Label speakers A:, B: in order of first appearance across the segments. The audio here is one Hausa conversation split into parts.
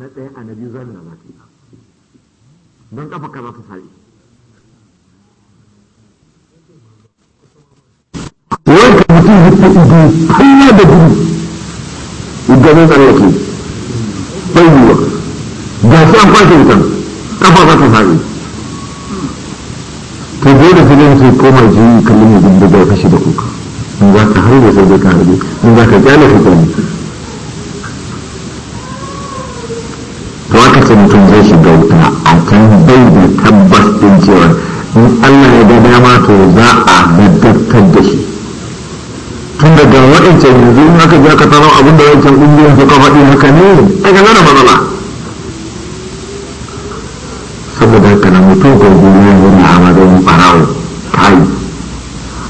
A: na ɗaya a na biyu zana za ta yi don kafa ka za ta sa'i
B: wanka mutum ya fi ido hanya da gudu ganin bai
A: yiwa ga an kwashe za ta sa'i to dole sai dai su koma jini kallon ya gudu da ya fashe da kuka in za ka harbe sai dai ka harbe in za ka kyale ka kyale to aka ce mutum zai shiga wuta a kan bai da tabbas din cewa in Allah ya ga dama to za a gaddabtar da shi tun daga waɗancan yanzu in aka je aka taro abin da wancan ƙungiyar suka faɗi haka ne ga nana matsala saboda haka na mutum ko gudunar yanzu na amadon ɓarawo kai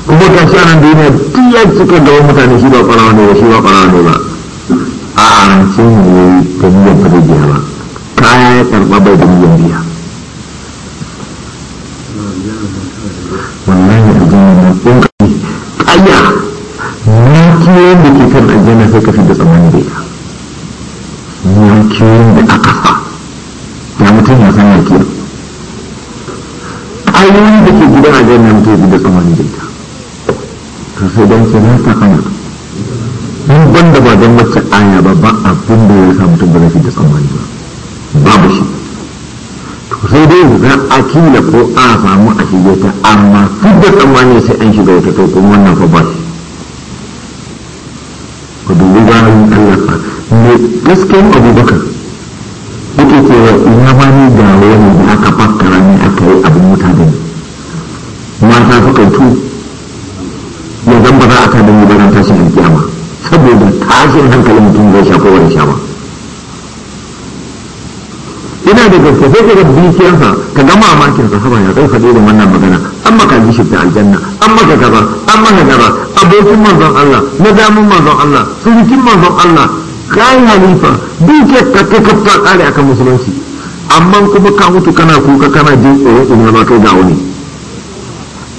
A: kuma ga shi anan duniya duk ya cika gaban mutane shi ba ɓarawo ne ba shi ba ɓarawo ne ba a'a sun yi ta niyyar ba ba kaya ya karba bai da niyyar biya Wannan wallahi aljanna na kun kai kaya na kiyon da ke kan aljanna sai ka fi da tsammani da ita na kiyon da aka sa? ya mutum ya san yake ayoyin da ke gidan aljanna mutum ya fi da tsammani da ita to sai don ke na ta kana in ban da ba don wacce aya ba ba abin da ya sa mutum ba zai fi da tsammani ba babu shi to sai dai za a kila ko a samu a shige ta amma duk da tsammani sai an shiga wata to kuma wannan fa ba shi ku dubi bayan Allah fa ne gaskiyar abubakar yake cewa ina ma ni ga wani da aka fakkara ne aka yi abin mutane mata suka tu ya zan ba za a tada mu garan tashin alkiyama saboda tashin hankalin mutum zai shafa wani shafa yana da gaske sai kaga sa ka ga mamakin sahaba ya kai faɗi da wannan magana an maka ji shi ta aljanna an maka gaba an maka gaba abokin manzon Allah na madamin manzon Allah surukin manzon Allah kai halifa dukiyar ka ka kafta kare akan musulunci amma kuma ka mutu kana kuka kana jin tsoro in ma kai ga wani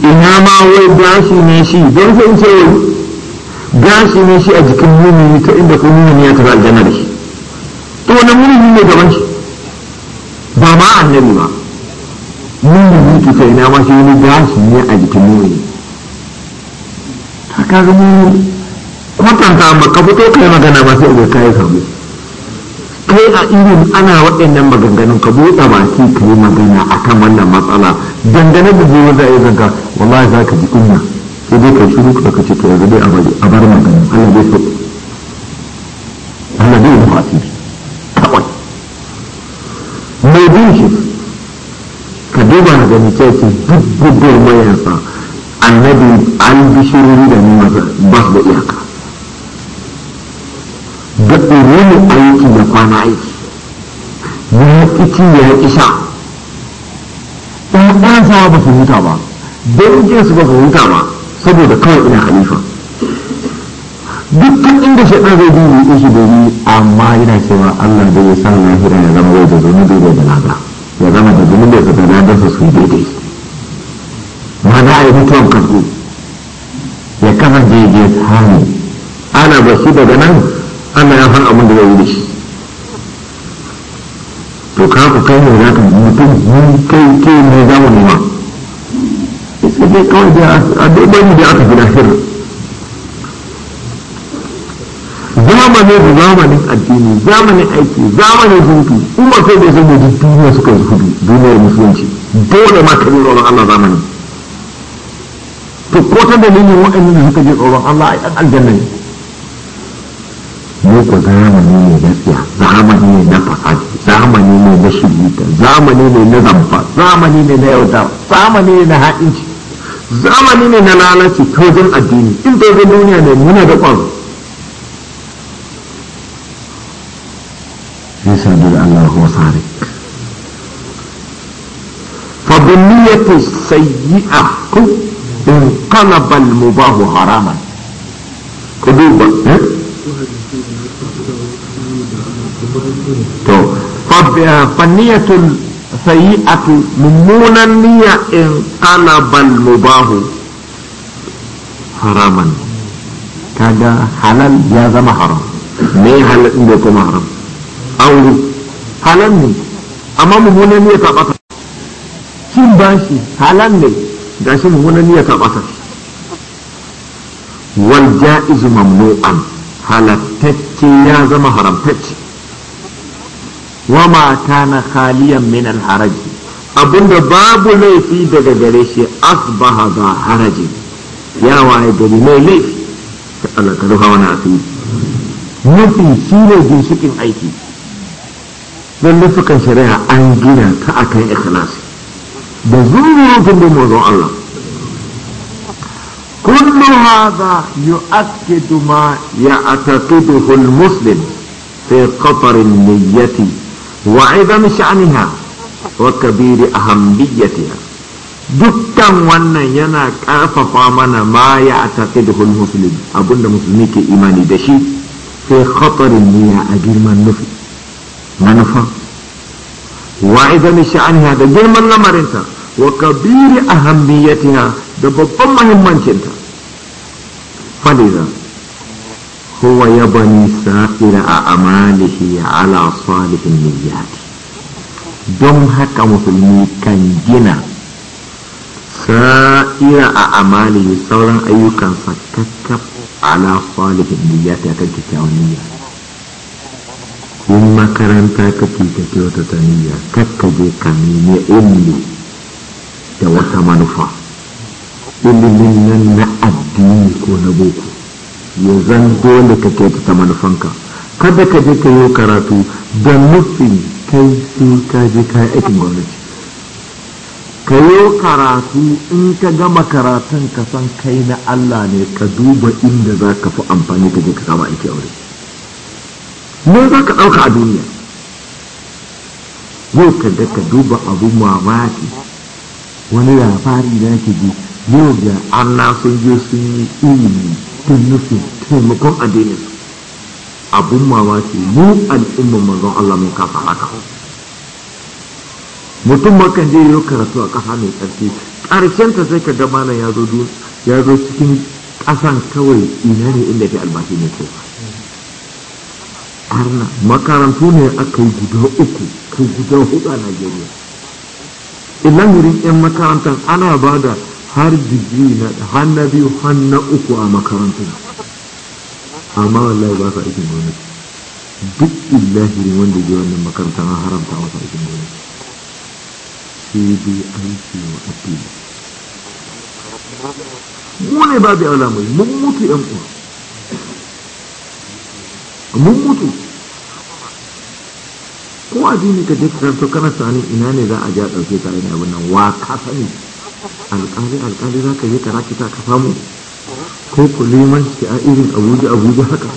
A: ina ma wai gashi ne shi don sai ce gashi ne shi a jikin mumini ta inda ko mumini ya tafi aljanna da shi to wannan mumini ne gaban shi amma annabi ma mun yi kai ina ma shi wani gashi ne a jikin muni ta kaga muni kwatanta ba ka fito kai magana ba sai abokan ya samu kai a irin ana waɗannan maganganun ka buɗe baki ka yi magana a kan wannan matsala dangane da zuwa da ya zanga wallahi za ka ji kunya sai dai kai shiru ka ce to yanzu dai a bar magana Allah dai so Allah shi ka duba na gani ce ce duk gurmayansa annabi an bishirori da nima ba su da iyaka da ɗorini aiki da kwana aiki ya ƙici ya ƙisha ɗan ɗansa ba su huta ba don jinsu ba su huta ba saboda kawai ina halifa dukkan inda ɗan zai yi ya shi domin amma yana cewa Allah da ya sa lahira ya zama da zunubi da lada ya zama da zuni da ladarsa su daidai ma za a yi mutuwan kasu ya kama jeje samu ana ba su daga nan Allah ya fara abin da zai yi da shi to ka ku kai ne za ka mutum mun kai ke ne za mu nema ita dai kawai da a daidai ne da aka gina shirin da zamanin addini zamanin aiki zamanin hutu umar sai da zama duk duniya suka yi hudu duniyar musulunci dole ma ka ji tsoron Allah zamanin to ko ta dalilin waɗannan suka ji tsoron Allah a aljanna ne mu ku zamani ne na tsiya zamani ne na fasadi zamani ne na shirita zamani ne na zamfa zamani ne na yauta zamani ne na ha'inci zamani ne na lalaci ta wajen addini in ta wajen duniya ne muna da ƙwazo يسجد الله هو فبنية السيئة انقلب المباه حراما قدوبا طيب. فالنية السيئة ممونا نية انقلب المباه حراما كذا حلال يا زما حرام ما حلال عندكم حرام aure halal ne amma mummunan niyya ta ɓata cin bashi halal ne ga shi mummunan niyya ta ɓata wal ja'iz mamnu'an halattacce ya zama haramtacce wa ma kana khaliyan min al haraji abinda babu laifi daga gare shi asbaha ga haraji ya waye gari mai laifi Allah ka rufa wani asiri nufi shi ne ginshikin aiki don nufukan shari'a an gina ta a kan ikhlasi da zuwa kundin mazan Allah kullu hadha yu'akkidu ma ya'taqiduhu al-muslim fi qatar an-niyyati wa 'idam sha'niha wa kabir ahammiyatiha dukkan wannan yana karfafa mana ma ya taqiduhu al-muslim abunda musulmi ke imani da shi fi qatar niyya a girman nufi manufa wa izami sha'aniha da girman lamarinta wa kabiri ahammiyatiha da babban muhimmancinta faliza huwa ya bani sa'ira a amalihi ala salihin niyyat don haka musulmi kan gina sa'ira a amalihi sauran ayyukan kakkaf ala salihin ya akan kyakkyawan niyyati in makaranta kake ta ke wata taniya kakka je ka nemi ilmi da wata manufa ilimin nan na addini ko na boko ya zan dole ka ke ta manufanka kada ka je ka yi karatu da nufin kai sai ka je ka yi gwamnati ka yi karatu in ka gama karatun ka san kai na Allah ne ka duba inda za ka fi amfani ka je ka kama aiki a wurin mun za ka ɗauka a duniya yau ka da ka duba abu mamaki wani labari da yake ji yau da Allah sun je sun yi ilimi ta nufin taimakon addinin abun mamaki mu al'umma mazan Allah mun kafa haka mutum makan je yau karatu a ƙasa mai ƙarfi ƙarshen ta sai ka ga malam ya zo cikin ƙasan kawai ina ne inda ke albashi ne ko arna makarantu ne aka yi guda uku ko guda hudu a najeriya wurin 'yan makarantar ana ba da har digiri na har na biyu har na uku a makarantu. amma wallahi ba ka aikin gona. duk ilahirin wanda ya wannan makaranta na haramta masa aikin gwamnati sai dai aiki wa addini mu ne bi alamai mun mutu 'yan uwa mun mutu ko a addini ka je karanto kana sani ina ne za a ja ɗauke ta ne abin nan wa ka sani alƙali alƙali za ka yi ka rakita ka samu ko ku ki a irin abuja abuja haka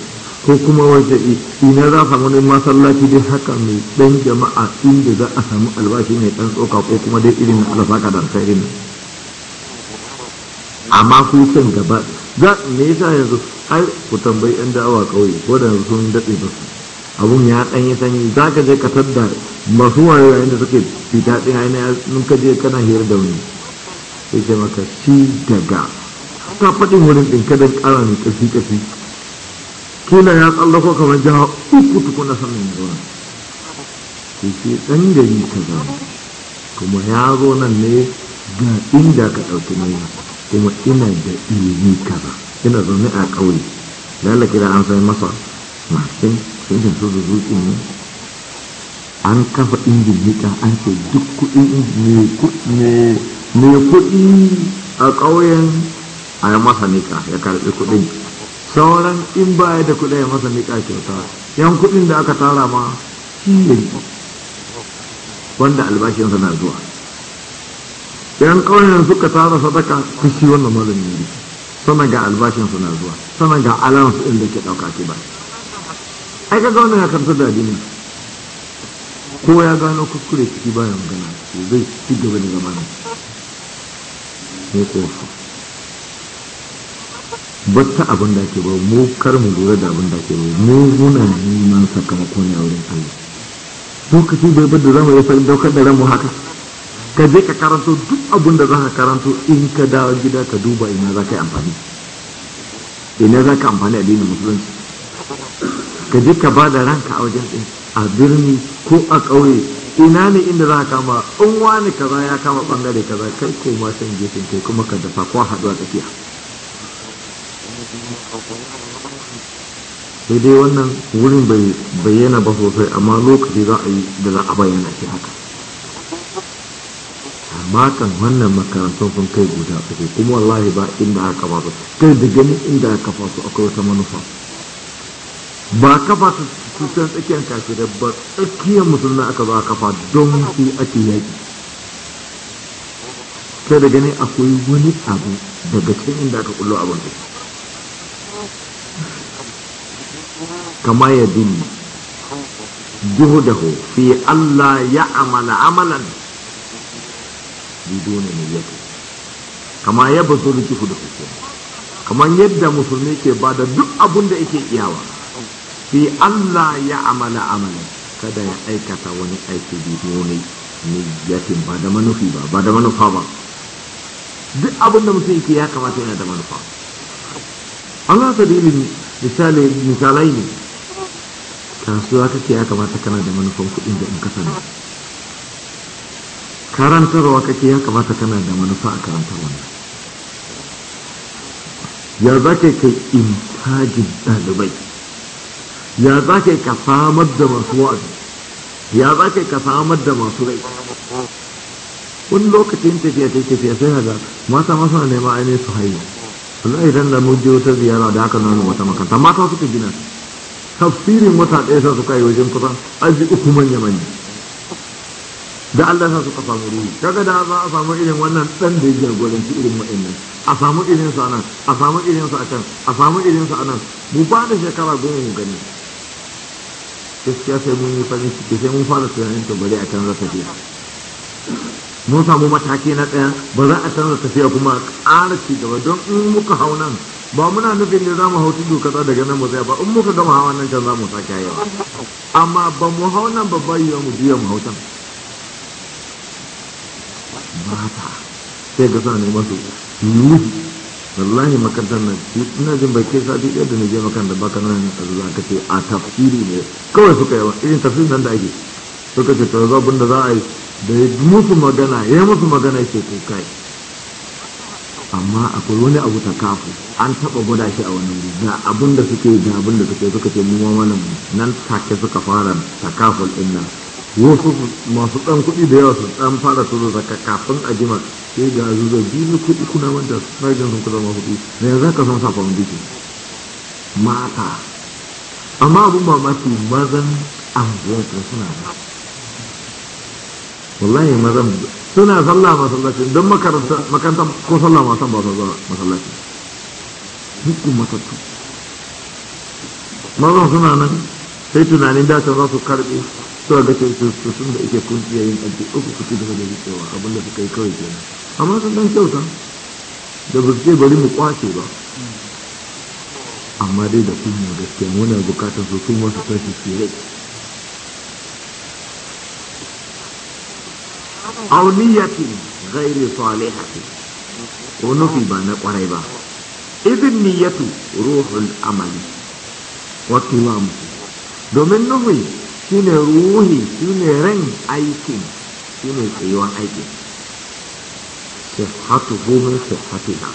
A: ko kuma waje ina za a samu masallaci dai haka mai ɗan jama'a inda za a samu albashi mai ɗan tsoka ko kuma dai irin na alfaka da alkhairin amma ku san gaba za me yasa yanzu ai ku tambayi yan da'awa kauye ko da yanzu sun daɗe ba abun ya ɗanyi sanyi za ka je ka tadda masu wayo yayin da suke fita ɗin ainihin nun ka je kana hira da wani sai ce maka ci daga ka faɗin wurin ɗin ka dan ƙara ne ƙarfi-ƙarfi. kila ya tsallako kamar jiha uku tuku sannan ya zauna sai ce ɗan gari ka zauna kuma ya zo nan ne ga inda ka ɗauki nauyin kuma ina da ilimi kaza ina zaune a ƙauye lalla kira an sai masa mashin injin su zuzuki ne an kafa injin nika an ce duk kuɗi mai kuɗi a ƙauyen a yi masa nika ya karɓi kuɗin sauran in baya da kuɗi ya masa nika kyauta yan kuɗin da aka tara ma shi ne wanda albashinsa na zuwa yan ƙauyen suka tara sadaka ta wannan malami ne sana ga albashin suna zuwa sana ga su inda ke ɗauka ki ba ai ka zauna ya karta da dini ko ya gano kuskure ciki bayan magana to zai ci gaba da zama nan ne ko batta abin da ke ba mu kar mu lura da abin da ke ba mu muna neman sakamakon ne a wurin Allah lokaci bai bar da ya fara daukar da ranmu haka ka je ka karanto duk abin da za ka karanto in ka dawo gida ka duba ina za ka yi amfani ina za ka amfani a addinin musulunci ka je ka ba da ranka a wajen ɗin a birni ko a ƙauye ina ne inda za ka kama in wani kaza ya kama ɓangare kaza kai ko ma san gefen kai kuma ka dafa ko haɗu a tsakiya sai dai wannan wurin bai bayyana ba sosai amma lokaci za a yi da za a bayyana shi haka matan wannan makarantun sun kai guda uku kuma wallahi ba inda aka kafa su kai da gani inda aka kafa su akwai wata manufa ba kafa su kusan tsakiyar da ba tsakiyar musulmi aka zo a kafa don su ake yaƙi kai da gani akwai wani abu daga cikin inda aka kullo abin da kama ya dini juhudahu fi Allah ya amala amalan bidone mai yato kama ya bazo da kifu da hukuma kamar yadda musulmi ke ba da duk abun da yake iyawa fi Allah ya amala amala. kada ya aikata wani aiki ne niyyatin ba da manufi ba ba da manufa ba duk abin da mutum yake ya kamata yana da manufa Allah ta dalilin misali misalai ne kasuwa kake ya kamata kana da manufan kuɗin da in ka sani karantarwa kake ya kamata kana da manufa a karantarwa ya za ka kai intajin dalibai ya za ka ka samar da masu wa'azi ya za ka ka samar da masu rai wani lokacin tafiya ta tafiya sai ga mata masu na nema ainihin su haihu Allah idan da mun je wata ziyara da haka nuna wata makaranta mata suka gina tafsirin wata ɗaya sa suka yi wajen kusa arziki uku manya-manya da Allah sa suka samu ruhu kaga da za a samu irin wannan dan da ya jagoranci irin wa'annan a samu irin sa nan a samu irin sa can a samu irin sa nan mu ba da shekara goma mu gani gaskiya sai mun yi farin ciki sai mun fara tunanin to bari a ta tafiya mun samu mataki na ɗaya ba za a canza tafiya kuma a ƙara ci gaba don in muka hau nan ba muna nufin ne za mu hau tudu kaza daga nan mu zai ba in muka gama hawa nan can za mu sake yawa amma ba mu hau nan ba ba yi mu biya mu hau can mata sai ga sa neman su nuhu wallahi makaddan nan ina jin bai kai sati ɗaya da na je da baka nan za ka ce a tafsiri ne kawai suka yi irin tafsir nan da ake suka ce to zabin da za a yi da ya musu magana ya musu magana ke ko kai amma akwai wani abu ta kafu an taɓa gwada shi a wani wuri da abin da suke da abin da suke suka ce mu ma nan take suka fara takaful ɗin nan wasu masu ɗan kuɗi da yawa su ɗan fara turo zaka kafin a jima sai ga zuwa biyu kuɗi kuna wanda rajin sun kuɗa ma kuɗi me yanzu ka san sa foundation mata amma abin mamaki mazan anguwar suna ba wallahi mazan suna sallah masallaci don makaranta makaranta ko sallah ma san ba su zuwa masallaci hukun matattu mazan suna nan sai tunanin da za su karɓe suka ga cewa sun da ake kun iya yin ɗanke uku kuke da rikewa abin da suka yi kawai kenan amma sun dan kyauta da ba ce bari mu kwace ba amma dai da kun mu gaske muna bukatar su sun wasu shi rai auniyatin gairi salihati ko nufi ba na kwarai ba idin niyatu ruhul amali wa musu domin nufi shi ne ruhi shi ne ran aikin shi ne tsayuwan aikin sihatu gomin sihatu na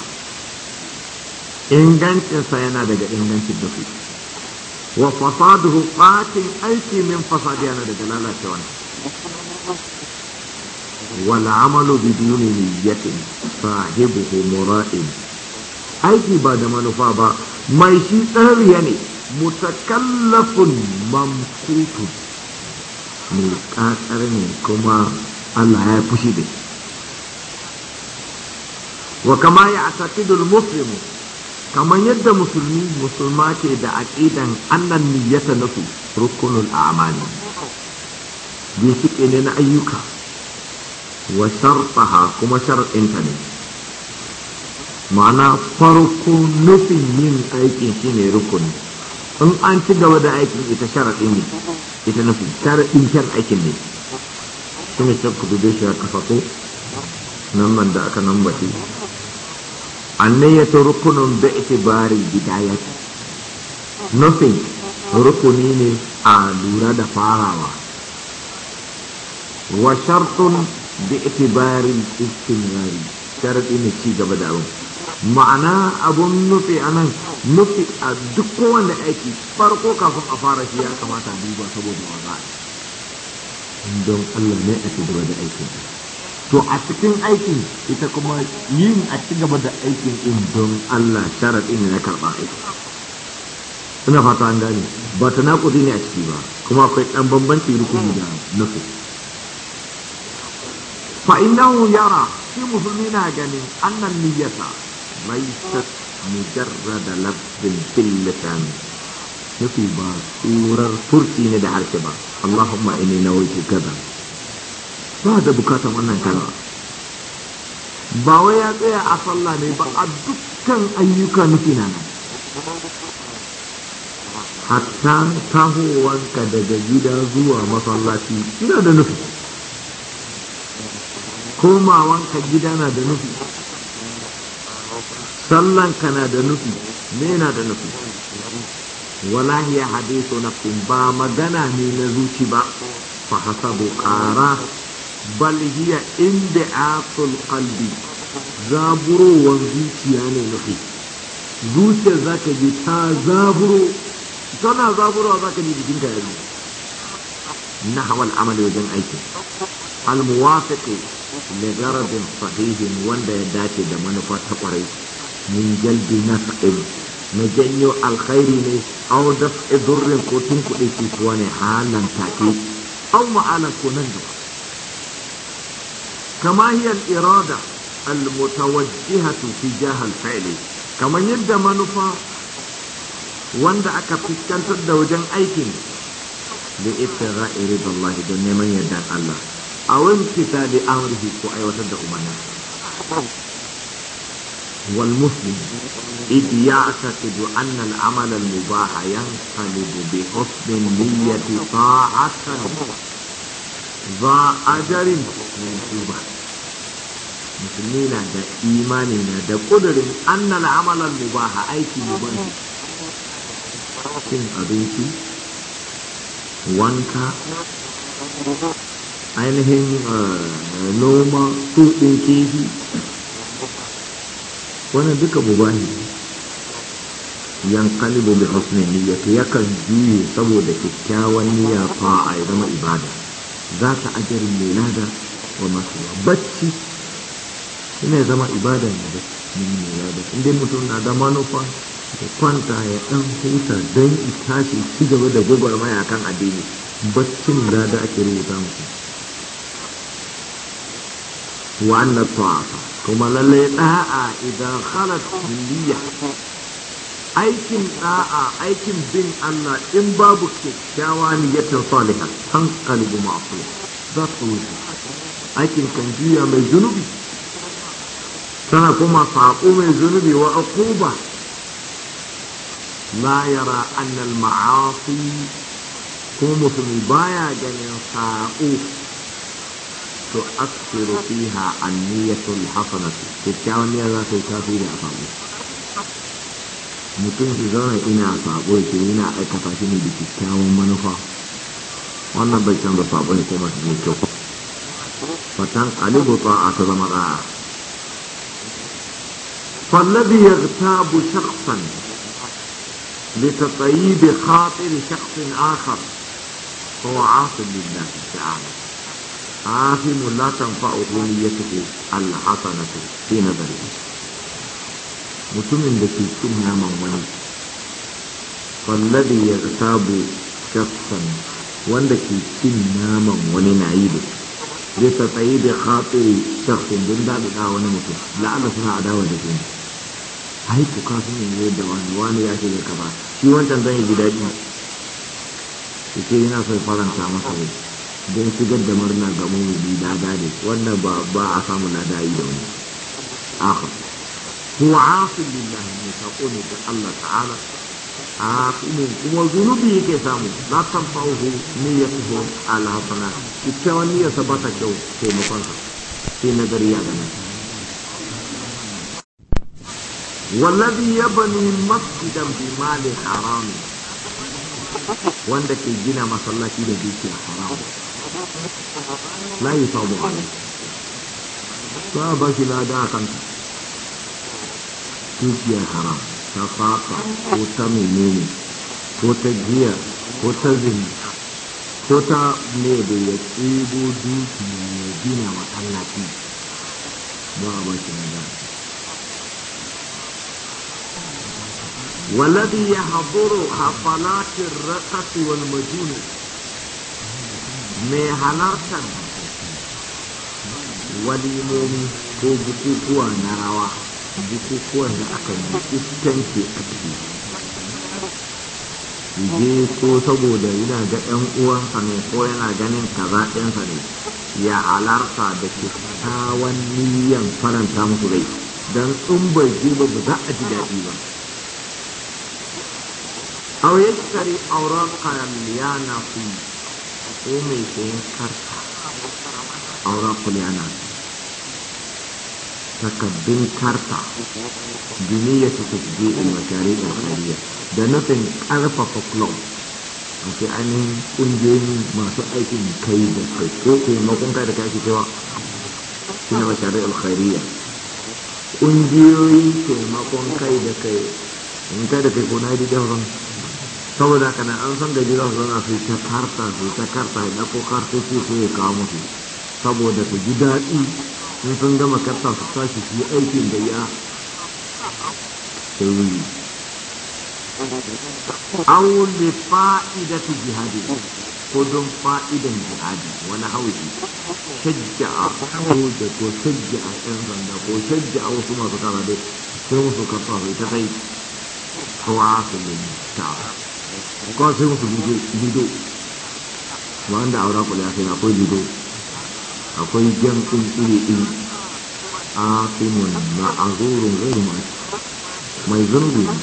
A: ingancinsa yana daga ingancin dafi. wa fasaduhu fatin aiki min fasadi yana daga lalacewa wala amalu duni niyyatin sahibuhu mura'in aiki ba da manufa ba mai shi tsariya ne mutakallafun mamkutun mai ƙaƙar ne kuma Allah ya fushi da shi wa kama ya atakidul muslimu kamar yadda musulmi musulma ke da aƙidan annan niyyata nasu rukunul amani. ginshiƙe ne na ayyuka wa shartaha kuma shar'inta ne ma'ana farko nufin yin aikin shi ne rukuni in an ci gaba da aikin ita sharaɗi ne ita nufi sharaɗin shan aikin ne shi ne sai kudu shi a kafafo nan da aka nan bashi annayyatu rukunun bi itibari bidayati nothing rukuni ne a lura da farawa wa shartun bari istin rari sharadi ne ci gaba da abin ma'ana abun nufi a nan nufi a duk kowanne aiki farko kafin a fara shi ya kamata a duba saboda wa za'a don Allah ne a cigaba da aikin to a cikin aikin ita kuma yin a cigaba da aikin in don Allah sharaɗin ya karɓa aiki ina fata an gane ba ta naƙudi ne a ciki ba kuma akwai ɗan bambanci rukuni da nufi fa yara shi musulmi na ganin annan niyyata laysat mujarrada lafzin bil lisan nufi ba tsurar furci ne da harshe ba Allahumma inni nawaitu kaza ba da bukatar wannan kalma ba ya tsaya a sallah ne ba a dukkan ayyuka nufi na nan hatta tahowanka daga gida zuwa masallaci ina da nufi komawanka gida na da nufi sallan kana da nufi me na da nufi walahi ya hadisu nafin ba magana ne na zuci ba fa hasabu qara bal hiya indi'atul qalbi zaburowar zuciya ne nufi zuciyar zaka ji ta zaburo tana zaburowa zaka ji jikinka ya aiki نحو العمل garabin sahihin wanda ya dace da manufa ta ƙwarai min jalbi naf'in na janyo alkhairi ne aw daf'i durrin ko tun kuɗi cutuwa ne halan take aw ma'ana ko nan gaba kama hiya irada al-mutawajjihatu tijah al-fi'li kamar yadda manufa wanda aka fuskantar da wajen aikin da ibtira irida Allah don neman yardan Allah a wani kita da amurki ko aiwatar da umarni والمسلم إذ يعتقد أن العمل المباح ينقلب بحسن النية طاعة ذا أجر منصوبة musulmi na da imani na da ƙudurin annal amalan mubaha aiki mubahi cin abinci wanka ainihin noma tuɗin kifi wannan duka bubani yan kalibu bi husni niyyati yakan juye saboda kyakkyawan niyya fa a zama ibada za ka ajarin mai lada wa masu bacci ne zama ibada ne da mai lada inda mutum na da manufa da kwanta ya ɗan huta don itashi ci gaba da gwagwarmaya kan addini baccin lada ake rubuta musu wa'annan ta'afa kuma lalle da'a idan khalat niyya aikin da'a aikin bin Allah in babu kyakkyawa niyyatin salihan san qalbu ma'fu za su wuce aikin kan juya mai zunubi Kana kuma saƙo mai zunubi wa aquba la yara annal maasi kuma mutum baya ganin saƙo تؤثر فيها النية الحسنة kyakkyawan niyya za ta yi tasiri a sabo mutum shi zauna ina sabo ke yana aikata shi ne da kyakkyawan manufa wannan bai canza sabo ne kuma kyau fatan alibu ta a ta zama ɗaya fallabi ya bu shaksan لتطيب خاطر شخص آخر هو عاصم لله تعالى عاهم لا تنفعه نيته الحسنة في نظره mutumin da ke cin naman wani fallabi ya sabu shafsan wanda ke cin naman wani na yi da zai ta tsaye da hatsari shafsin don daɗaɗa wani mutum la'ala suna adawa da jini ai ku kafin yin yadda wani wani ya ce da ka ba shi wancan zan yi ji daɗi yake yana son faranta masa rai don shigar da murna ga mumini na gane wannan ba a samu na da yi da wani akhir huwa asil lillahi ne sako ne ga Allah ta'ala asilin kuma zunubi yake samu la tanfa'uhu niyyatuhu ala hasana kikkiawan niyyarsa ba ta kyau taimakonsa sai nagari ya gane ya yabni masjidan bi mali haram wanda ke gina masallaci da dukiya haram
B: لا يصاب عليه
A: صاب سلا داكن تيجي حرام تفاقا وتميمين وتجيا وتزين وتا ميدو يتيبو دوك ميدينا وطلاتي بابا سلا والذي يحضر حفلات الرقة والمجونه mai halartar walimomi ko bukukuwa na rawa bukukuwan da aka yi iskanci a ciki je ko saboda yana ga ɗan uwansa ne ko yana ganin kaza ɗinsa ne ya halarta da kyakkyawan miliyan faranta musu rai don in bai ji ba za a ji daɗi ba aw auren awraqan na fi ko mai sayan karta aura kuli ana takaddun karta duniya ta a ilmakari da kariya da nufin karfafa club a sai ainihin kungiyoyi masu aikin kai da kai ko taimakon kai da kake cewa shi na mashari alkhariya kungiyoyi taimakon kai da kai in kai da kai ko na yi da saboda haka nan an san gaji za su su ta karta su ta karta ya ɗauko kartoci su ya kawo musu saboda ta ji daɗi in sun gama karta su tashi su aikin da ya sauri an fa'ida fa'idatu jihadi ko don fa'idan jihadi wani hauji shajja a da ko shajja a ƴan zanda ko shajja a wasu masu kama dai sai musu karta su ta kai hawa su ne ta kuma sai musu judo wanda aura kula sai akwai judo akwai jan tsuntsuri din A ma'azurun zai mai zunubi ne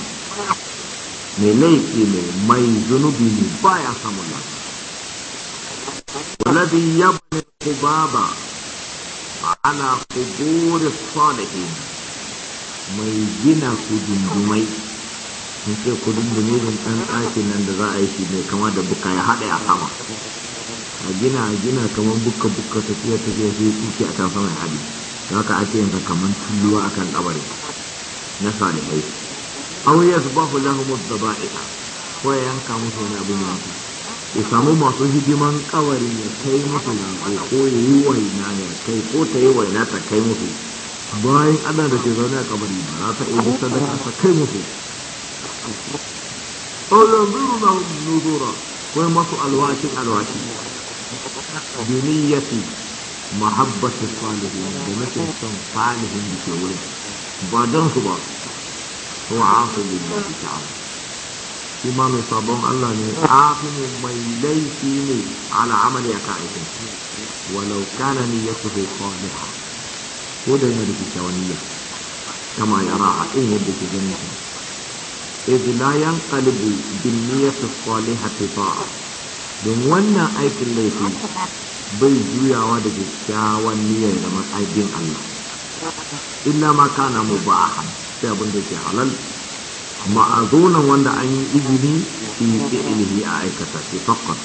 A: mai laifi ne mai zunubi ne ba ya samun lafiya والذي يبني القباب على قبور الصالحين mai gina kudundumai in ce kudin bulirin ɗan ɗakin nan da za a yi shi mai kama da buka ya haɗe a sama a gina a gina kamar buka buka tafiya tafiya sai tuki a kan sama ya haɗe da haka ake yanka kamar tulluwa a kan ƙabari na salihai aure su ba lahu ko ya yanka musu wani abu mai ya samu masu hidiman kawari ya kai musu lanko ko ya yi waina ya kai ko ta yi waina ta kai musu bayan ana da ke zaune a kabari ba za ta iya sadaka ta kai musu قل انظروا نذورا وما الواجب الواجب بنية محبة الصالحين بمثل صالحين بشعور بعدين صبا هو عاقل لله تعالى إمام الصابون الله من عاصم من ليس على عمل أكائكم ولو كان نيته صالحة ودائما بكتوانية كما يراها إيه بكتوانية idh la yanqalibu bin niyyati salihati don wannan aikin laifi bai juyawa da kyakkyawan niyyar da matsayin Allah illa ma kana a sai abin da ke halal ma'azunan wanda an yi izini fi ilimi a aikata shi faqat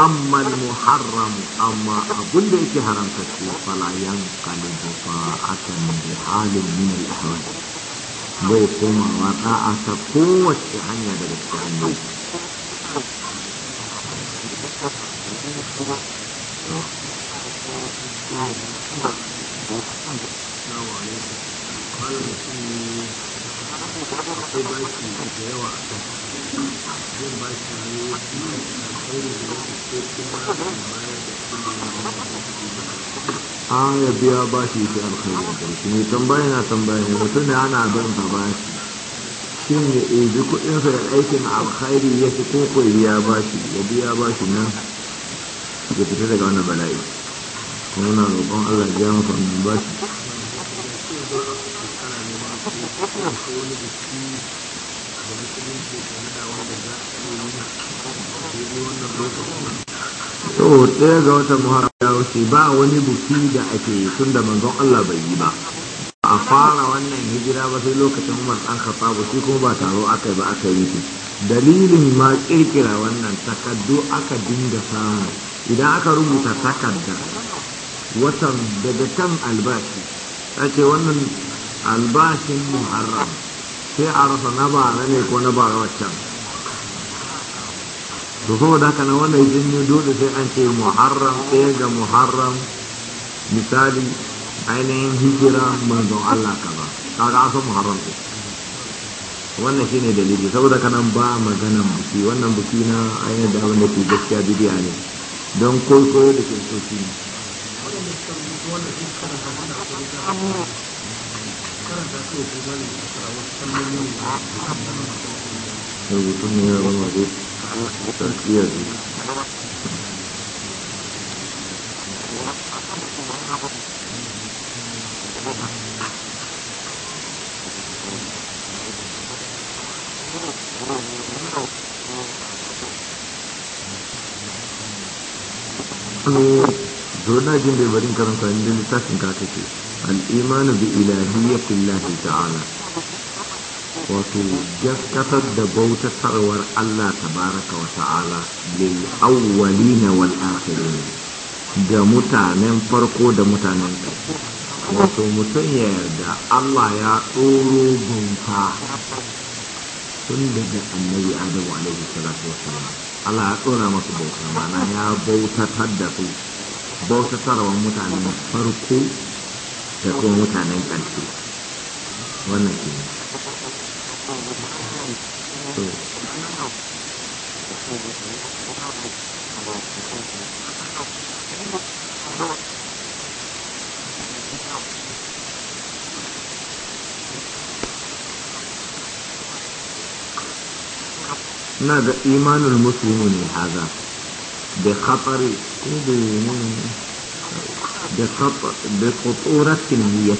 A: amma muharram amma abin da yake haramta shi fala ba a bi halin min al bai komawa ɗa'a ta kowace hanya d a r i k i n d a n y o y i Thank you. an ya biya ba shi fi alkhairi a ƙarshe mai tambaya na tambaya ne mutum ne ana don ta ba shi shin ya ɗebi kudinsa da aikin alkhairi ya fi koko ya ba shi ya biya ba shi nan ya fita daga wani bala'i kuma na roƙon allah ya maka wannan ba shi to ɗaya ga wata muhara ce ba wani buki da ake tun da manzon Allah bai yi ba a fara wannan hijira ba sai lokacin Umar an ba shi kuma ba taro aka ba aka yi shi dalilin ma kirkira wannan takaddu aka dinga samu idan aka rubuta takadda watan daga kan albashi ta wannan albashin muharram sai a rasa na bara ne ko na bara waccan to da haka nan wannan jinni dole sai an ce muharram sai ga muharram misali ainihin hijira manzon Allah ba kaga an muharram ɗin wannan shine dalili saboda kanan ba magana buki wannan buki na ainihin da wanda ke gaskiya bidiya ne don kwaikwayo da
B: soki ne karanta يربطون يا غمى بيت تأكلية دي
A: Zona jin da barin karanta inda littafin ka take al-imanu bi ilahiyyati Allah ta'ala wato gaskatar da bautatarwar Allah tabaraka wa ta'ala lil awwalina wal akhirin ga mutanen farko da mutanen wato mutum ya yarda Allah ya tsoro gunta tun daga annabi Adamu alaihi salatu wassalam Allah ya tsora masa bauta mana ya bautatar da su bautatarwar mutanen farko da kuma mutanen ƙarshe
B: wannan kenan ماذا
A: إيمان المسلمين هذا بخطر بخطر بخطورة النية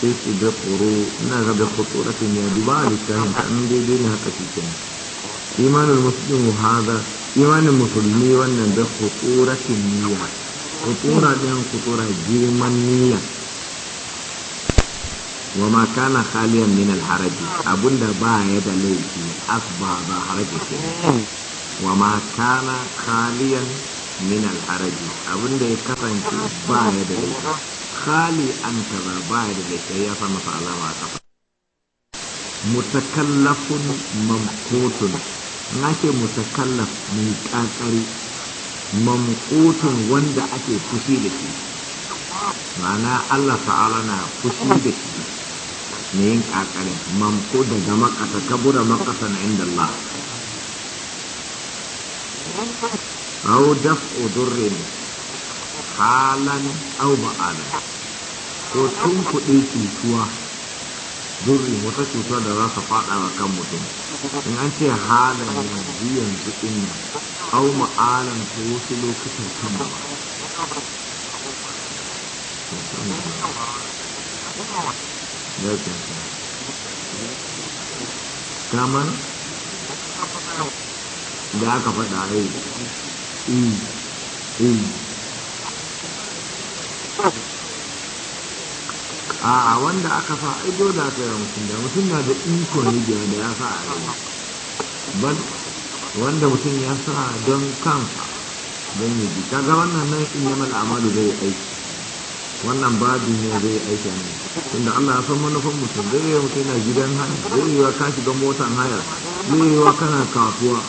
A: sai ki ga tsoro ina ga da khuturati ne duba da kan ta an dai dai na haka cikin imanin musulmi haza imanin musulmi wannan da khuturatin niyya khutura din khutura girman niyya wa ma kana khaliyan min al haraji abunda ba ya da laifi asba ba haraji ke wa ma kana khaliyan min al haraji abunda ya kasance ba ya da laifi misali an kaza baya da da ya sa masa alama a kafa mutakallafun mamkotun na ce mutakallaf mai kakari mamkotun wanda ake fushi da shi ma'ana Allah ta'ala na fushi da shi ne yin kakari mamko daga makasa kabura makasa na inda Allah أو دفع ضر حالا أو بآلا to tun kuɗi cutuwa zurri wata cutuwa da za su faɗa wa kan mutum in an ce halin yanzu yanzu ɗin au ma'alan ta wasu lokutan kan ba kamar da aka faɗa yau yi A'a, wanda aka sa ido da aka yi mutum da mutum na da iko ne da ya sa a ban wanda mutum ya sa don kansa don ya ji kaga wannan nan in yi amalu zai aiki wannan babu ne zai aiki a ne tunda Allah ya san manufan mutum zai yi mutum na gidan haya zai yi wa kashi don motan haya zai yi wa kana kasuwa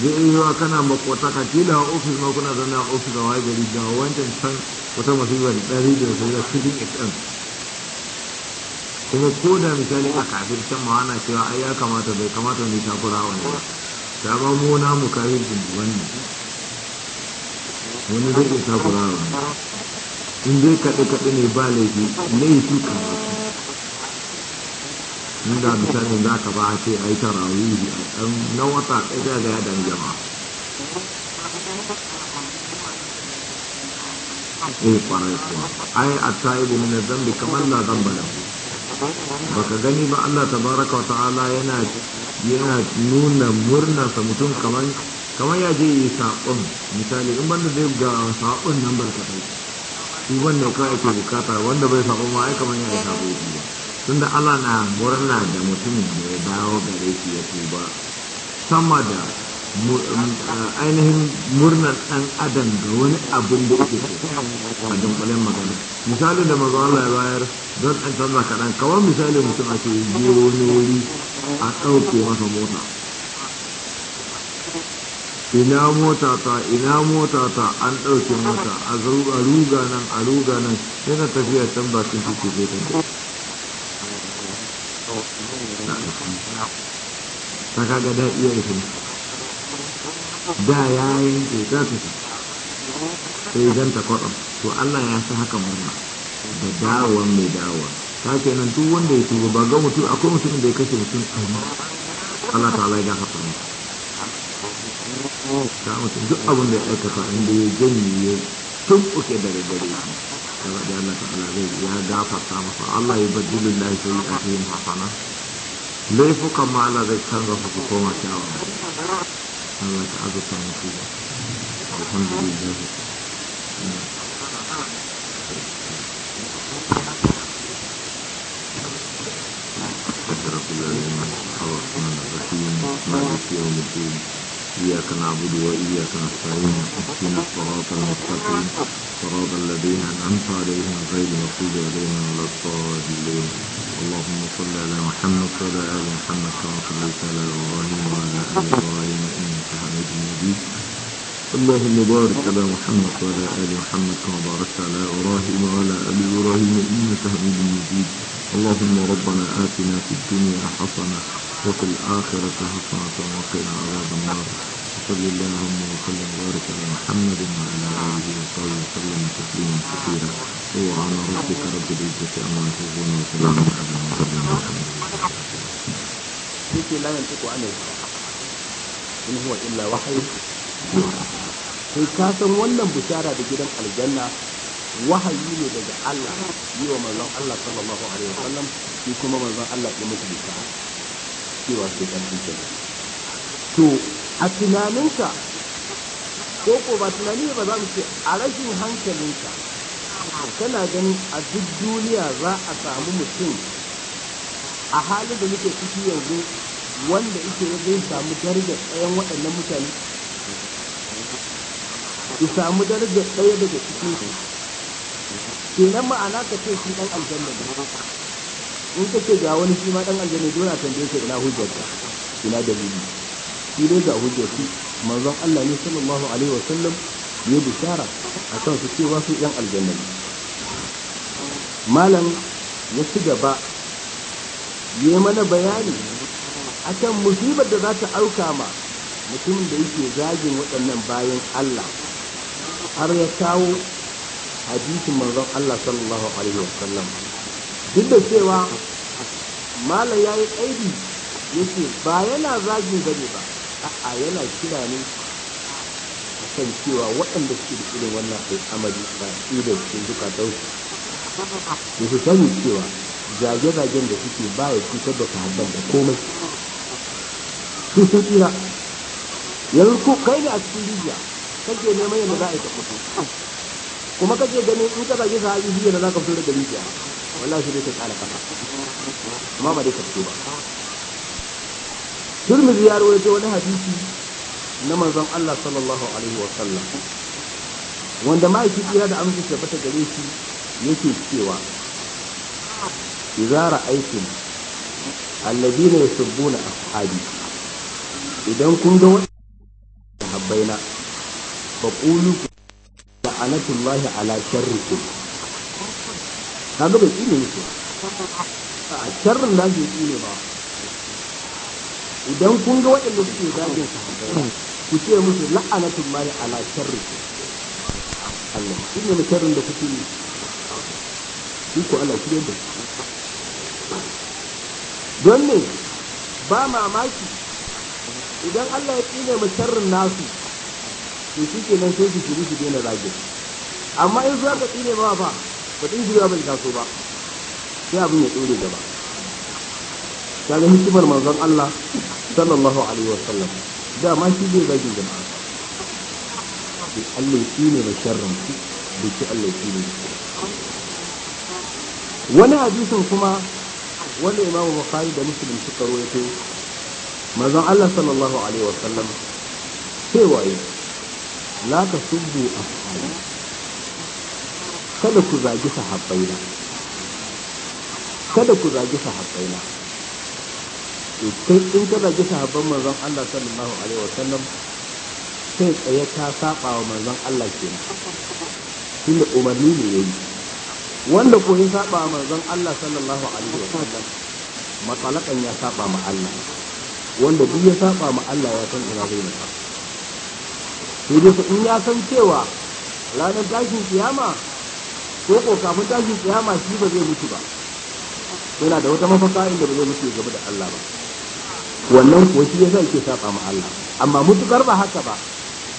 A: zai yi wa kana ka kila a ofis ma kuna zana a ofis a wajen gari wancan can wata masu yi wa da ɗari da yi da cikin kuma ko da misali a can ma ana cewa ai ya kamata bai kamata ne takura wani ba ta ba mu na mu kayi din ne wani zai iya takura wani in dai kaɗe kaɗe ne ba laifi laifi kan in da misalin za ka ba a ce ai yi a ɗan na wata ɗaya da ya dan jama'a eh kwarai kuma ai a ta yi bu zambi kamar na zamba lahu
B: baka
A: gani ba Allah tabaraka wa yana yana nuna murna murnarsa mutum kaman ya je yi saƙon misali in banda zai ga saƙon nan barkatai shi wanda kawai ake bukata wanda bai saƙon ma ai kaman ya yi ba Allah na murna da mutumin da ya dawo gare shi ya tuba sama da Um, uh, ainihin murnar ɗan adam da wani abin da yake a dunkulen magana misali da mazu Allah ya bayar don ɗan canza kaɗan kawai misali mutum a ce je wani wuri a ɗauke masa mota ina mota ta ina mota ta an ɗauke mota a ruga nan a ruga nan yana tafiya can bakin suke zai ta ta kaga da iya isin da ya yanke za ta sai zan ta kwaɗa to Allah ya sa haka murna da dawon mai dawa ta kenan duk wanda ya tuba ba ga mutum akwai mutumin da ya kashe mutum ɗari Allah ta Allah ya gafarta masa ta mutum duk abin da ya aikata inda ya janye tun uke daga gare shi gaba da Allah ta Allah zai ya gafarta masa Allah ya bajjilu lahi sai ya kashe hasana laifukan ma Allah zai canza su koma kyawawa الله تعذر عن النتيجة
B: الحمد لله الحمد رب العالمين
A: الرحمن الرحيم مالك يوم الدين إياك نعبد وإياك نستعين اهدنا الصراط المستقيم صراط الذين أنعمت عليهم غير المغضوب عليهم ولا الضالين اللهم صل على محمد وعلى آل محمد كما صليت على إبراهيم وعلى آل إبراهيم إنك حميد مجيد اللهم بارك على محمد وعلى آل محمد كما باركت على إبراهيم وعلى آل إبراهيم إنك حميد مجيد اللهم ربنا آتنا في الدنيا حسنة وفي الآخرة حسنة وقنا عذاب النار وصل اللهم وسلم وبارك على محمد وعلى اله وصحبه وسلم تسليما كثيرا سبحان ربك
B: رب العزه عما يصفون وسلام على المرسلين
A: والحمد
C: لله لا ينطق عن الهوى in huwa illa wahayi sai ka san wannan bishara da gidan aljanna wahayi ne daga Allah yi wa manzon Allah sallallahu alaihi wasallam shi kuma manzon Allah ya mutu bishara cewa sai to a tunaninka ko ko ba tunani ba za mu ce a rashin hankalinka tana ganin a duk duniya za a samu mutum a halin da muke ciki yanzu wanda yake zai samu darajar tsayan waɗannan mutane ya samu darajar ɗaya daga cikin su kenan ma'ana ka ce shi ɗan aljanna ne in ka ce ga wani shi ma ɗan aljanna dole a tambaye ka ina hujjar ka ina dalili shi dai ga hujjatu manzon Allah ne sallallahu alaihi wa sallam ya bishara a kan su cewa su yan aljanna malam ya ci gaba ya mana bayani akan musibar da za ta auka ma mutumin da yake zagin waɗannan bayan Allah har ya kawo hadisin manzon Allah sallallahu alaihi wa sallam duk da cewa malam ya yi ƙaidi yake ba yana zagin gari ba a'a yana kira ne a kan cewa waɗanda suke da irin wannan al'amari ba su da cikin zukatan
B: su
C: da su sani cewa zage-zagen da suke ba ya cutar da sahabban da komai su sun tsira yanzu ko kai ne a cikin rijiya kake neman yadda za a yi ta fito kuma kake ganin in ka zage sahabi shi yadda za ka fito daga rijiya wallahi shi ne ka kafa amma ba dai ka fito ba turmizi ya rawaito wani hadisi na manzon Allah sallallahu alaihi wa sallam wanda ma'aiki tsira da ta fata gare shi yake cewa izara ra'aytum alladhina yasubbuna ashabi idan kun ga wani habbaina fa qulu la'anatullahi ala sharrikum kaga bai kine ne a sharrin da yake kine ba idan kun ga waɗanda suke zagin sa ku ce musu la'anatun mali ala sharri Allah shi ne sharrin da kuke yi shi ko Allah shi da don ne ba mamaki idan Allah ya kine mu sharrin nasu to shi ke nan sai su shiru su daina zagin amma in za ka tsine ba fa ba ɗin shirya bai taso ba sai abin ya ɗore gaba Ta ga hikimar manzon Allah sallallahu alaihi wasallam dama shi zai zagi jama'a sai Allah shi ne mai sharrin shi da shi Allah shi ne wani hadisin kuma wanda imamu bukhari da muslim suka rawaito manzon Allah sallallahu alaihi wasallam cewa yi la ka subbu ashabi kada ku zagi sahabbaina kada ku zagi sahabbaina in ka zagi sahabban manzon Allah sallallahu alaihi wa sallam sai tsaye ta saba wa manzon Allah kenan tunda umarni ne yayi wanda ko ya saba wa manzon Allah sallallahu alaihi wa sallam matsalakan ya saba ma Allah wanda duk ya saba ma Allah ya san ina zai nufa sai dai in ya san cewa ranar tashin kiyama ko ko kafin tashin kiyama shi ba zai mutu ba yana da wata mafaka inda ba zai mutu gaba da Allah ba wannan kuwa shi yasa yake saba ma Allah amma mutukar ba haka ba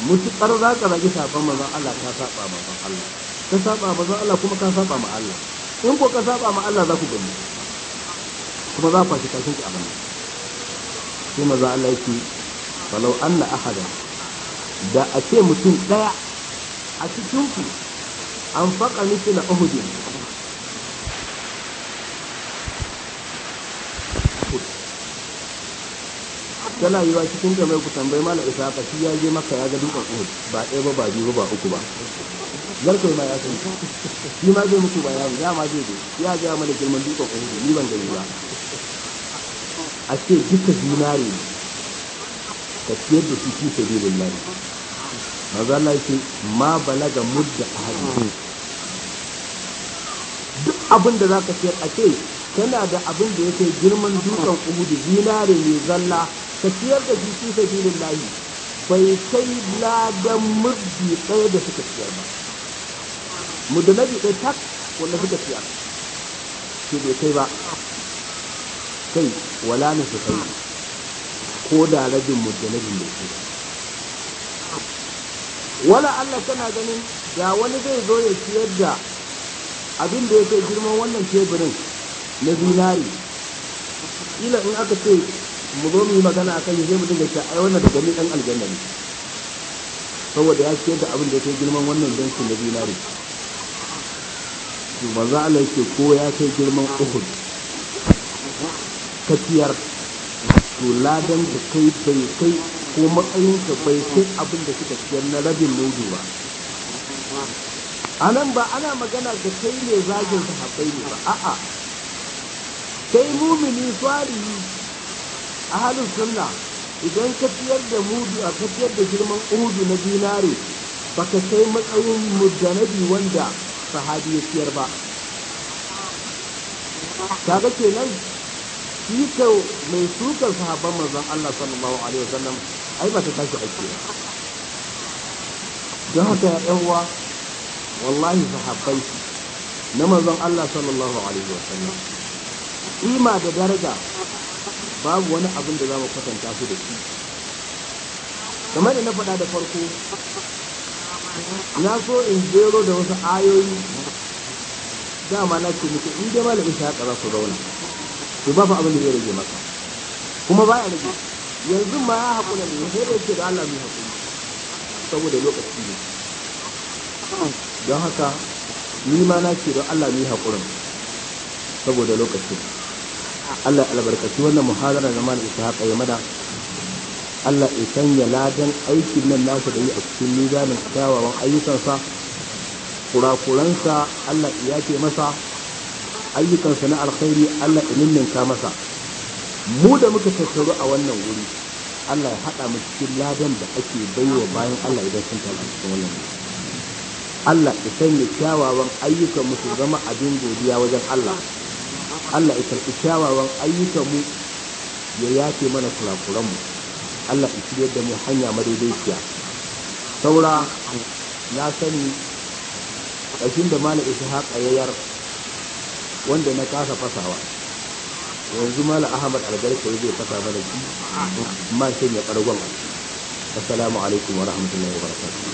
C: mutukar za ka zagi saban manzon Allah ka saba manzon Allah ka saba manzon Allah kuma ka saba ma Allah in ko ka saba ma Allah za ku gani kuma za ku fashi kashin ki a bana sai manzon Allah yake falau anna ahada da a ce mutum daya a cikin ku an faƙa miki na uhudin yi yiwa cikin jama'i ku tambayi mana isa shi ya je maka ya ga dukkan uhud ba ɗaya ba ba biyu ba uku ba garkai ma ya sani shi ma zai mutu bayani ya ma zai zo ya ga mana girman dukkan uhud ni ban gani ba a ce duka zinare ka ciyar da su fi sabilillahi za Allah ce ma balaga mudda a ahadi duk abin da za ka ciyar a ce kana da abin da ya yake girman dukan da zinare mai zalla ka ciyar da jiki sabilin layi bai kai ladan murji ɗaya da suka ciyar ba mudanabi ɗaya tak wanda suka ciyar shi bai kai ba kai wala na su kai ko da rabin mudanabi mai kai wala Allah tana ganin da wani zai zo ya ciyar da abin da ya kai girman wannan teburin na zinari ila in aka ce mu zo mu yi magana a kan yanzu mutum da ke ai wannan da gani ɗan aljanna ne saboda ya ce da abin da ke girman wannan danki na dinari ba za a ko ya kai girman Uhud kafiyar to ladan da kai bai kai ko matsayin ka bai kai abin da suka ciyar na rabin mudu ba anan ba ana magana da kai ne zagin sahabbai ne ba a'a kai mumini tsari ahalin sunna idan ka ciyar da mudu a ka ciyar da girman udu na dinare baka kai matsayin mujanabi wanda sahabi ya ciyar ba kaga kenan shi kau mai sukar sahabban manzon Allah sallallahu alaihi wasallam ai ba ta tashi ake don haka ya ɗan uwa wallahi sahabbai na manzon Allah sallallahu alaihi wasallam ima da daraja babu wani abin da za mu kwatanta su da shi kamar da na faɗa da farko na so in jero da wasu ayoyi dama na ce muku in dai malamin shi haka za su zauna to ba abin da zai rage maka kuma ba ya rage yanzu ma ya haƙura ne sai da ce da Allah mai haƙuri saboda lokaci ne don haka ni ma na ce da Allah mai haƙurin saboda ne Allah albarkaci wannan muhadara da malam Ishaq ya mada Allah ya sanya ladan aikin nan nasu da yi a cikin mizanin kyawawan ayyukansa kurakuransa Allah ya ce masa ayyukansa na alkhairi Allah ya nimminka masa mu da muka tattaru a wannan wuri Allah ya haɗa mu cikin ladan da ake baiwa bayan Allah idan sun ta cikin wannan Allah ya sanya kyawawan ayyukan mu su zama abin godiya wajen Allah Allah ya karɓi kyawawan ayyukanmu ya yafe mana kurakuranmu Allah ya shirya da mu hanya madaidaiciya saura na sani ƙashin da mala ishaq yayar wanda na kasa fasawa yanzu mala ahmad algarka zai fasa mana shi ma ya ɓargon assalamu alaikum wa rahmatullahi wa barakatuh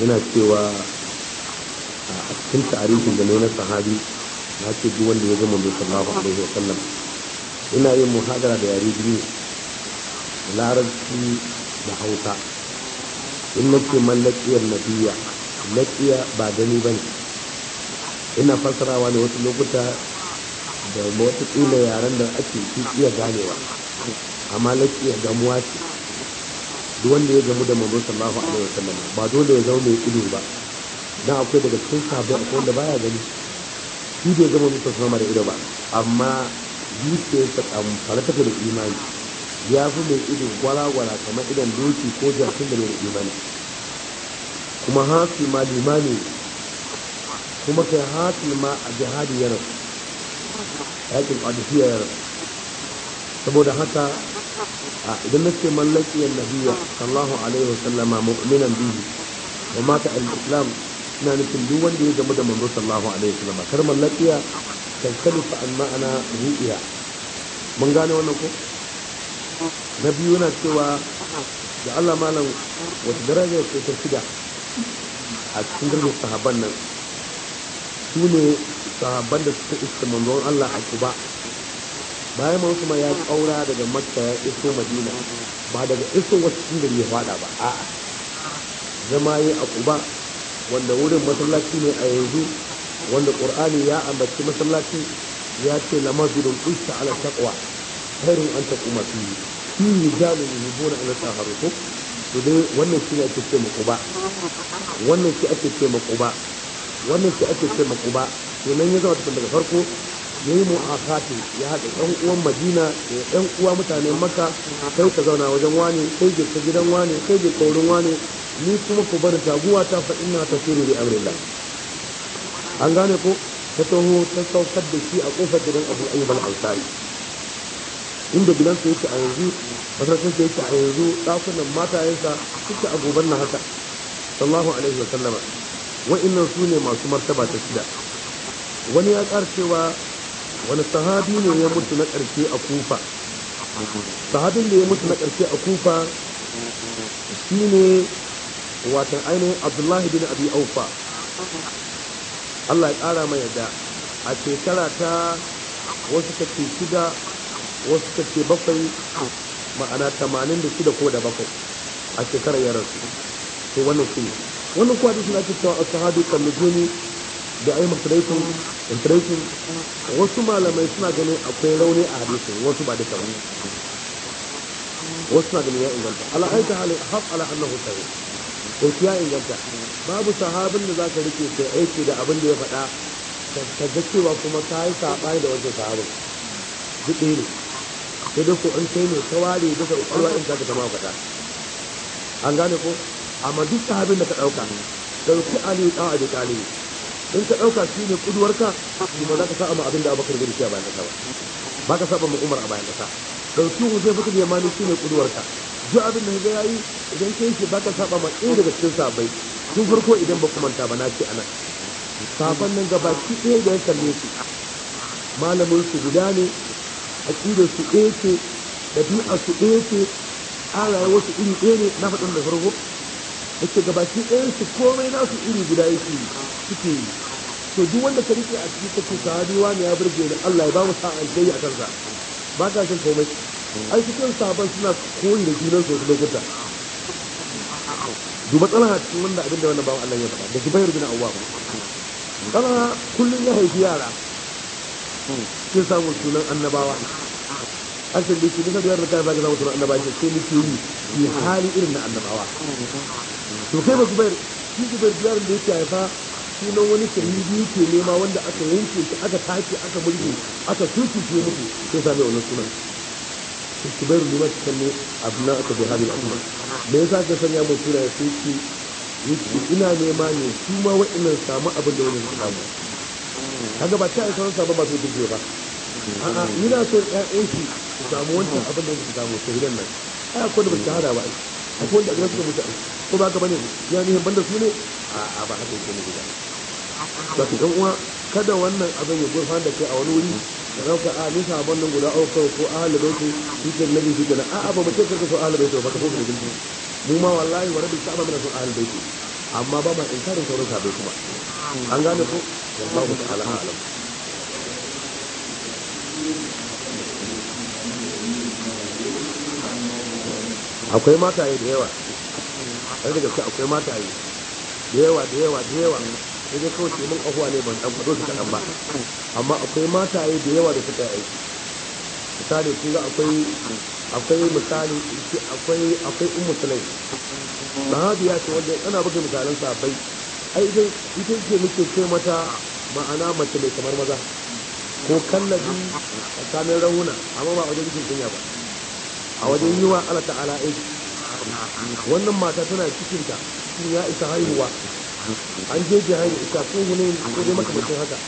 C: yana cewa a cikin tarihin da na sahabi na ce duk wanda ya zama mai Sallahu alaihi wa sallam ina yin muhadara da yare biyu larabci da hausa in na ce na nabiya Laƙiya ba gani ba ne ina fassarawa ne wasu lokuta da wata ƙila yaren da ake iya ganewa amma laƙiya gamuwa ce duk wanda ya gamu da manzo sallallahu alaihi wasallam ba dole ya zama mai ido ba dan akwai daga cikin sabon akwai wanda baya gani shi bai zama mutum sama mara ido ba amma zuciyarsa fara take da imani ya fi mai ido gwara-gwara kamar idan doki ko jakin da mai imani kuma hafi ma limani kuma kai hafi ma a jihadi yaran yakin saboda haka idan nake mallaki annabiya sallallahu alaihi wa sallama mu'minan bihi wa mata al-islam ina nufin duk wanda ya gamu da manzo sallallahu alaihi wa sallama kar mallakiya tankalifa an ma'ana ru'iya mun gane wannan ko na biyu yana cewa da Allah malam wata daraja ce ta shida a cikin darajar sahabban nan su ne sahabban da suka iska manzon Allah a Quba bayan ma kuma ya kaura daga makka ya iso madina ba daga iso wasu cikin ya fada ba a'a zama yi a kuba wanda wurin masallaci ne a yanzu wanda qur'ani ya ambaci masallaci ya ce la don qissa ala taqwa khairun an taquma fihi fihi rijalun yuhibbuna an yatahharu ko to dai wannan shi ne ake ce ma kuba wannan shi ake ce ma kuba wannan shi ake ce ma kuba to nan ya zama daga farko ya yi mu'afatin ya haɗa ɗan uwan madina da ɗan uwa mutane maka kai ka zauna wajen wane kai ta gidan wane kai girka wurin wane ni kuma ku bari taguwa ta fa ina ta suru bi amrillah an gane ko ta taho ta saukar da shi a ƙofar gidan abu ayyub al-ansari inda gidansa yake a yanzu masarautarsa yake a yanzu ɗakunan matayensa suke a gobar na haka sallahu alaihi wa sallama wa'annan su ne masu martaba ta shida wani ya ƙarcewa cewa wani sahabi ne ya mutu na ƙarshe a kufa sahabin da ya mutu na ƙarshe a kufa shi ne watan ainihin abdullahi bin abi aufa allah ya ƙara mai yadda a shekara ta wasu ta ce shida wasu ta ce bakwai ma'ana tamanin da shida ko da bakwai a shekarar ya rasu to wannan su wannan kuwa da suna cikin a sahadu kan nujumi da ai mutaraitun mutaraitun wasu malamai suna ganin akwai rauni a hadisin wasu ba duka wani wasu suna ganin ya inganta ala aita halin haf ala annahu sahih ya inganta babu sahabin da zaka rike sai aiki da abin da ya faɗa ta ga cewa kuma ta yi saɓani da wancan sahabin duk ɗaya ne sai dai ko an kai ne ta ware duka ƙwaƙwalwa in za ka zama faɗa an gane ko amma duk sahabin da ka ɗauka ɗauki ali ɗan abi ɗalibi in ka ɗauka shi ne kuduwarka shi ba za ka sa'a ma abin da abubakar gudu shi a bayan ƙasa ba ba ka saba ma umar a bayan ƙasa ɗauki mu zai fuka yamani shi ne kuduwarka duk abin da ya yayi idan ka yi ba ka saba ma ɗaya daga cikin sabai tun farko idan ba manta ba na ce a nan safan nan ki ɗaya da ya kalle su malamin su guda ne a ƙidar su ɗaya ce ɗabi'ar su ɗaya ce a rayuwar su iri ɗaya ne na faɗin da farko yake gabaki ɗayan su komai nasu iri guda yake suke yi to duk wanda ka rike a cikin ce sahabi wani ya burge ni Allah ya ba mu sa'a dai a kansa ba ta san komai ai cikin sahaban suna koyi da junan su lokuta duba tsala cikin wanda da wannan bawan Allah ya faɗa da Zubair bin Awwam kana kullun ya haifi yara kin samu sunan annabawa asali shi biyar da kayan ta zaga zama sunan annabawa sai muke yi hali irin na annabawa to kai ba zubair shi zubair yaron da yake haifa sunan wani biyu ke nema wanda aka yanke shi aka take aka mulki aka tutuce muku sai sami wannan sunan zubair ne mace kallo abuna aka bi hadin umma me yasa ka sanya mu suna sai ki ina nema ne su ma wa'annan samu abin da wannan suka kaga ba ta isa samu ba su dubbe ba a'a ina son ƴaƴan shi su samu wancan abin da suka samu shahidan nan ai akwai da ba shahada ba ai a kowanne a suka mutu ko ba ka bane ya nihin banda su ne a ba haka yake ne guda ba ka uwa kada wannan abin ya gurfan da kai a wani wuri da rauka a ni sabon nan guda auka ko ahalul baiti shi nabi shi kenan a'a ba mu ce karka so ahalul baiti ba ka so ka gindi mu ma wallahi wa rabbi sa'aba muna so ahalul baiti amma ba ma inkarin sauran sabai kuma an gane ko wallahu ta'ala a'lam akwai mataye da yawa har daga gaske akwai mataye da yawa da yawa da yawa sai dai kawai ce mun ahuwa ne ban ɗan fado su kaɗan ba amma akwai mataye da yawa da suka aiki misali kun ga akwai akwai misali akwai akwai in musulai ummu haɗu ya ce wanda ana buga misalan sabai ai dai ita ce muke ce mata ma'ana mace mai kamar maza ko kallabi a samun rahuna amma ba wajen jikin kunya ba a wajen yi wa Allah ta'ala aiki wannan mata tana cikinta cikin ya isa haihuwa an je haihu ita ko ne ko dai makamacin haka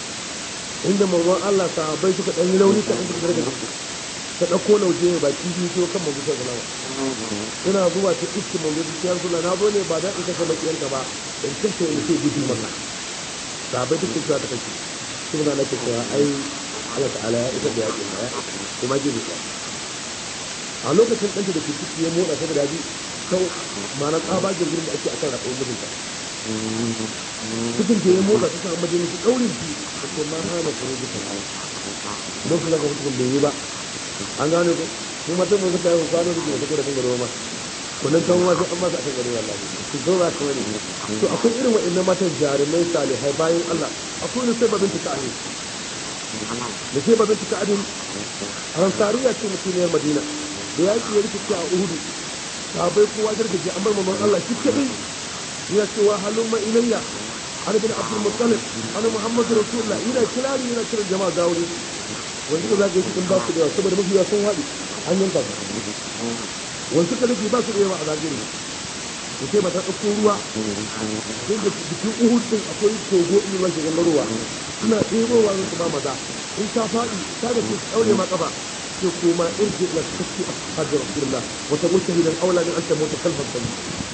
C: inda manzon Allah sahabbai suka dan yi launi ta inda daga ta dauko lauje ba baki biyu ko kan manzon sallallahu
B: alaihi
C: ina zuwa ta iski manzon sallallahu alaihi wasallam na zo ne ba da in kasa ka ba in kace in ce gudu maka sahabbai duk cewa ta kace kuma na nake cewa ai Allah ta'ala ya isa da yakin da ya kuma gidi a lokacin ɗanta da ke ciki ya motsa saboda ya ji kawai ma'ana tsabagen gurin da ake a akan rafa wajen ta
B: cikin da ya motsa ta
C: samu majalin su ɗaurin su da ke ma hana kare da sana'a don su zaka mutum bai yi ba an gane ko su matan mun suka yi kwanan rikin da suka da kan gado ma kullum kan ma sai an ba su akan gado wallahi su zauna kawai ne to akwai irin waɗannan matan jarumai salihai bayan Allah akwai wani sai babin ta ta'ahi da sai babin ta ta'ahi haramtariya ce mutumiyar Madina da yaƙi ya rikice a uhudu bai kowa ta rikice an bar mamman Allah shi kaɗai yana cewa halin ma ilayya an bin abdul muttalib an muhammadu rasulullah yana kirari yana kiran jama'a da wuri wanda ka yi cikin ba su da yawa saboda mafiya sun haɗi an yanka su wani suka rufe ba su da yawa a zagaye da sai mata ɗauko ruwa sai da bikin uhud din akwai kogo in ma shigan ruwa suna ɗebowa su ba maza in ta faɗi ta da su ɗaure ma ƙafa يقوم ارجع لك تشكي أصحاب رسول الله وتموت إلى الأولى من أن تموت كلبا صليبا